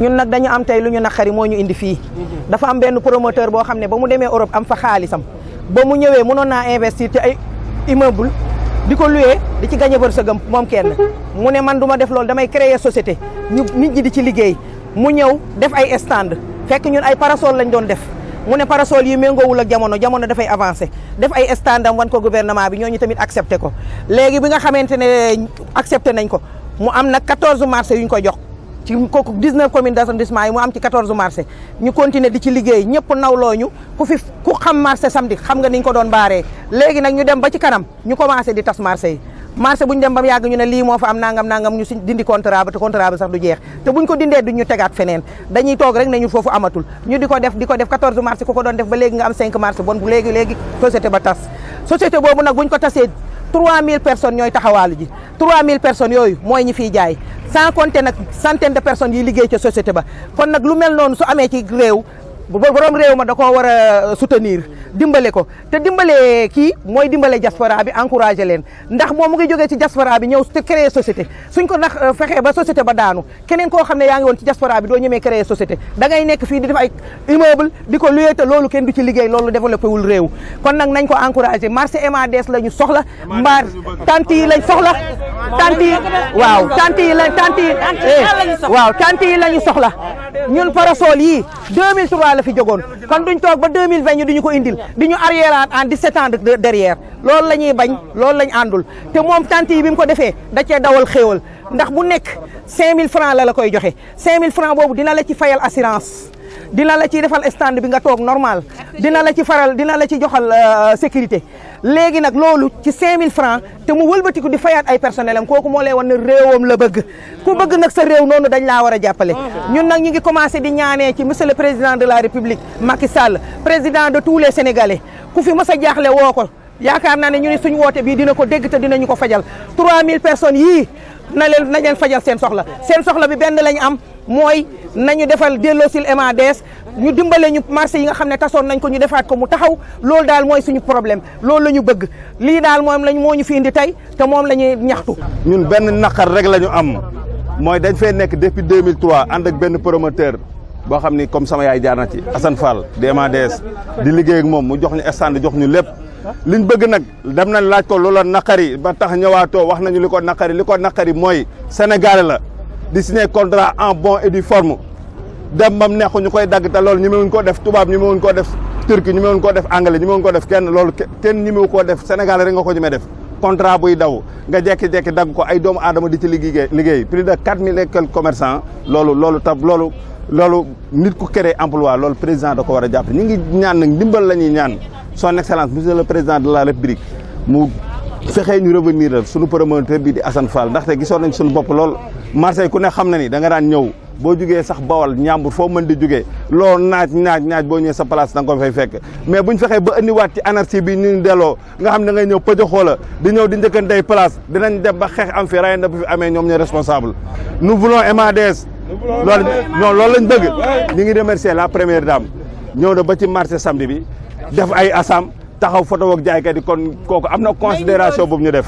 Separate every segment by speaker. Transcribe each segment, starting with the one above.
Speaker 1: ñun nag dañu am tey lu ñu naqari moo ñu indi fii mhm. dafa am benn promoteur boo xam ne ba mu demee Europe am fa xaalisam ba mu ñëwee mënoon naa investir ci ay immeuble di ko loué di ci gagné wërsëgam moom kenn mhm. mu ne man du ma def loolu damay créer société ñu nit ñi di ci liggéey mu ñëw def ay stand fekk ñun ay parasol lañ doon def mu ne parasol yi méngoowul ak jamono jamono dafay avancé def ay stand am wan ko gouvernement bi ñooñu tamit accepté ko léegi bi nga xamante ne accepté nañ ko mu am nag 14 mars yu ñu ko jox ci kooku 19 communes d'arrondissement yi mu am ci 14 marché ñu continuer di ci liggéey ñëpp nawloo ñu ku fi ku xam marché samedi xam nga niñ ko doon baare léegi nag ñu dem ba ci kanam ñu commencé di tas marché yi marché bu ñu dem ba mu ñu ne lii moo fa am nangam nangam ñu si dindi contrat ba te contrat ba sax du jeex te buñ ko dindee duñ ñu tegaat feneen dañuy toog rek ne ñu foofu amatul ñu di ko def di ko def 14 marché ku ko doon def ba léegi nga am 5 marché bon bu léegi léegi société ba tas société boobu nag buñ ko tasee 3000 personnes ñooy taxawaalu ji 3000 personnes yooyu mooy ñi fiy jaay sans compter nag centaine de personnes yi liggéey ca société ba kon nag lu mel noonu su amee ci réew borom réew ma da koo war a soutenir dimbale ko te dimbale kii mooy dimbale diaspora bi encouragé leen ndax moo mu ngi jógee ci diaspora bi ñëw te créer société suñ ko ndax euh, fexee ba société ba daanu keneen koo xam ne yaa ngi woon ci diaspora bi doo ñemee créer société da ngay nekk fii di def ay immeuble di ko loué te loolu kenn du ci liggéey loolu développé wul réew kon nag nañ ko encouragé marché MADS la ñu soxla mbaar tant yi lañ soxla tant yi waaw tant yi la tant yi eh, waaw tant yi la ñu soxla ñun parasol yii 2003 la fi jogoon kon duñ toog ba 2020 ñu duñu ko indil di ñu arrière en 17 ans de derrière loolu la ñuy bañ loolu lañ àndul te moom tante yi bi mu ko defee da cee dawal xéewal ndax bu nekk 5000 francs la la koy joxe 5000 francs boobu dina la ci fayal assurance dina la ci defal stand bi nga toog normal dina la ci faral dina la ci joxal euh, sécurité léegi nag loolu ci mille francs te mu walbatiku di fayaat ay personnel am kooku moo lay wan ne réewam la bëgg ku bëgg nag sa réew noonu dañ laa war a jàppale mm-hmm. ñun nag ñu ngi commencé di ñaanee ci monsieur le président de la république Macky Sall président de tous les sénégalais ku fi mës a jaaxle woo ko yaakaar naa ne ñu ne suñu woote bii dina ko dégg te dinañu ko fajal 3000 personnes yii na leen na leen fajal seen soxla seen soxla bi benn lañ am mooy nañu defal delloosil MADS ñu dimbale ñu marché yi nga xam ne tasoon nañ ko ñu defaat ko mu taxaw lool daal mooy suñu problème loolu la ñu bëgg lii daal moom lañ moo ñu fii ndi tey te moom la ñuy ñaxtu.
Speaker 2: ñun benn naqar rek la ñu am mooy dañ fee nekk depuis 2003 ànd ak benn promoteur boo xam ni comme sama yaay jaar na ci Assane Fall di MADS di liggéey ak moom mu jox ñu stand jox ñu lépp. liñ bëgg nag dem nañ laaj ko loola naqari ba tax ñëwaatoo wax nañu li ko naqari li ko naqari mooy Sénégal la. di signé contrat en bon et due forme dem bam neexu ñu koy dagg te loolu ñemewuñ koo def tubaab ñemewuñ koo def turki ñemewuñ koo def anglais ñemewuñ koo def kenn loolu kenn ñemewu koo def Sénégal rek nga ko ñemee def contrat buy daw nga jekki-jekki dagg ko ay doomu aadama di ci liggéey liggéey plus de quatre mille et quelques loolu loolu tab loolu loolu nit ku créer emploi loolu président da ko war a jàpp ñi ngi ñaan nag ndimbal la ñuy ñaan son excellence monsieur le président de la république mu fexee ñu revenir la suñu promoteur bi di Assane Fall ndaxte gisoon nañ suñu bopp lool Marseille ku ne xam na ni da nga daan ñëw boo jugee sax bawal ñàmbur foo mën di jugee loolu naaj naaj naaj boo ñëwee sa place da nga ko fay fekk mais buñ fexee ba andiwaat ci anarchie bi ñu delloo nga xam ne ñëw pëjoxoo la di ñëw di njëkkantey place dinañ dem ba xeex am fi rayanda bu fi amee ñoom ñooy responsable nous voulons MADS loolu non loolu lañ bëgg ñu ngi remercier la première dame ñëw na ba ci marché samedi bi def ay assam taxaw photo ak jaaykat yi kon kooku am na considération boobu ñu def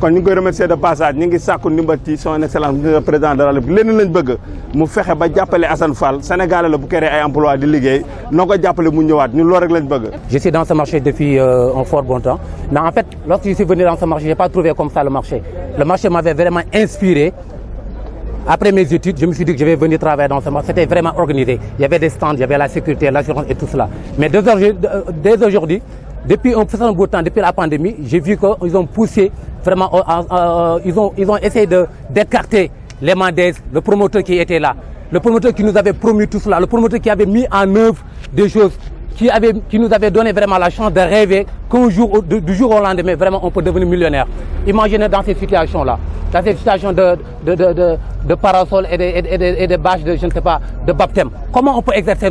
Speaker 2: kon ñu ngi koy remercier de passage ñu ngi sàkku ndimbal ci son excellence monsieur de la République lenn lañ bëgg mu fexe ba jàppale Assane Fall Sénégalais la bu ay emploi di liggéey noo ko jàppale mu ñëwaat ñun loolu rek lañ bëgg
Speaker 3: je suis dans ce marché depuis euh, un fort bon temps mais en fait lorsque je suis venu dans ce marché j'ai pas trouvé comme ça le marché le marché m'avait vraiment inspiré Après mes depuis un certain bout de temps, depuis la pandémie, j'ai vu qu'ils ont poussé vraiment, euh, euh, ils, ont, ils ont essayé d'écarter les Mendes, le promoteur qui était là, le promoteur qui nous avait promis tout cela, le promoteur qui avait mis en œuvre des choses, qui, nous avait donné vraiment la chance de rêver qu'un jour, de, du jour au lendemain, vraiment, on peut devenir millionnaire. Imaginez dans ces situations-là, dans ces situations de, de, de, de parasols et de, et, de bâches Comment on peut exercer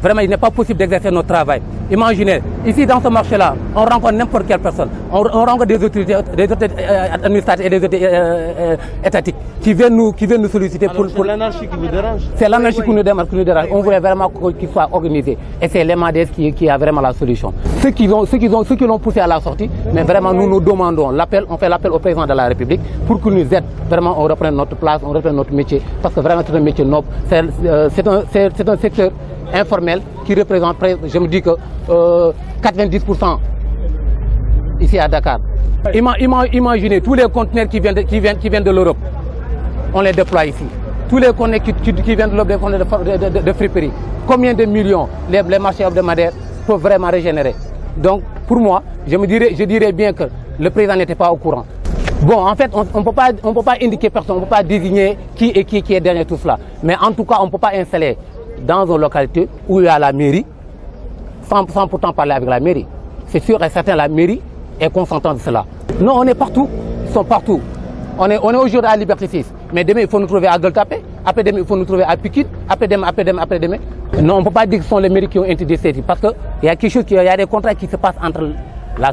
Speaker 3: Vraiment, il n'est pas possible d'exercer notre travail. Imaginez, dans ce marché-là, on rencontre n'importe quelle personne. On, on, des autorités, euh, euh, euh, étatiques qui viennent nous, qui pour. pour... C'est nous dérange. on voulait vraiment qu'il soit organisé. Et c'est l'MADS qui, qui a vraiment la solution. Ceux qui l'ont poussé à la sortie, mais vraiment nous nous demandons l'appel, on fait l'appel au président de la République pour qu'il nous aide. Vraiment, informel qui représente, je me dis que euh, 90% ici à Dakar. Imaginez tous les conteneurs qui viennent de, qui viennent, qui viennent de l'Europe, on les déploie ici. Tous les conteneurs qui, qui, qui viennent de l'Europe, de, friperie. Combien de millions les, marchés hebdomadaires peuvent vraiment régénérer Donc, pour moi, je, me dirais, je dirais bien que le président n'était pas au courant. Bon, en fait, on peut, pas, indiquer personne, on peut pas désigner qui est qui, qui est Mais en tout cas, on peut pas installer dans une localité où y a la mairie, sans, sans pourtant parler avec la mairie. C'est sûr et certain, la mairie est consentante de cela. Non, on est partout. Ils sont partout. On est, aujourd'hui à Liberté 6. Mais demain, il faut nous trouver à Goltapé. Après demain, il faut nous trouver à Piquet. Après demain, après demain, Non, on peut pas dire que sont les mairies qui ont interdit cette Parce qu'il y a quelque chose, il y a des contrats qui se passent entre la